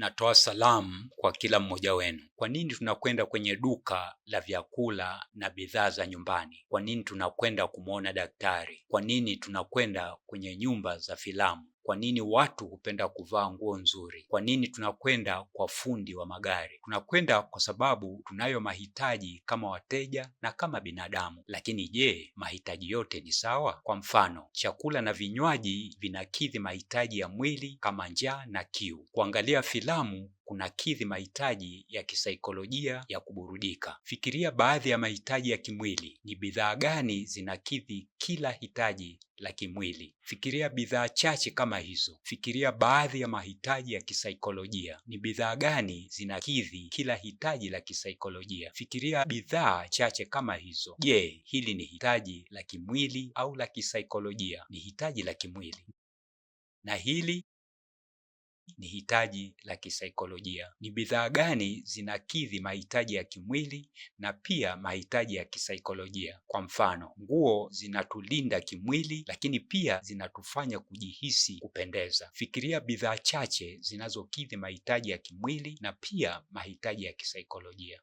Natoa salamu kwa kila mmoja wenu. Kwa nini tunakwenda kwenye duka la vyakula na bidhaa za nyumbani? Kwa nini tunakwenda kumwona daktari? Kwa nini tunakwenda kwenye nyumba za filamu? Kwa nini watu hupenda kuvaa nguo nzuri? Kwa nini tunakwenda kwa fundi wa magari? Tunakwenda kwa sababu tunayo mahitaji kama wateja na kama binadamu. Lakini je, mahitaji yote ni sawa? Kwa mfano, chakula na vinywaji vinakidhi mahitaji ya mwili kama njaa na kiu. Kuangalia filamu kunakidhi mahitaji ya kisaikolojia ya kuburudika. Fikiria baadhi ya mahitaji ya kimwili. Ni bidhaa gani zinakidhi kila hitaji la kimwili? Fikiria bidhaa chache kama hizo. Fikiria baadhi ya mahitaji ya kisaikolojia. Ni bidhaa gani zinakidhi kila hitaji la kisaikolojia? Fikiria bidhaa chache kama hizo. Je, hili ni hitaji la kimwili au la kisaikolojia? Ni hitaji la kimwili. Na hili ni hitaji la kisaikolojia. Ni bidhaa gani zinakidhi mahitaji ya kimwili na pia mahitaji ya kisaikolojia? Kwa mfano, nguo zinatulinda kimwili, lakini pia zinatufanya kujihisi kupendeza. Fikiria bidhaa chache zinazokidhi mahitaji ya kimwili na pia mahitaji ya kisaikolojia.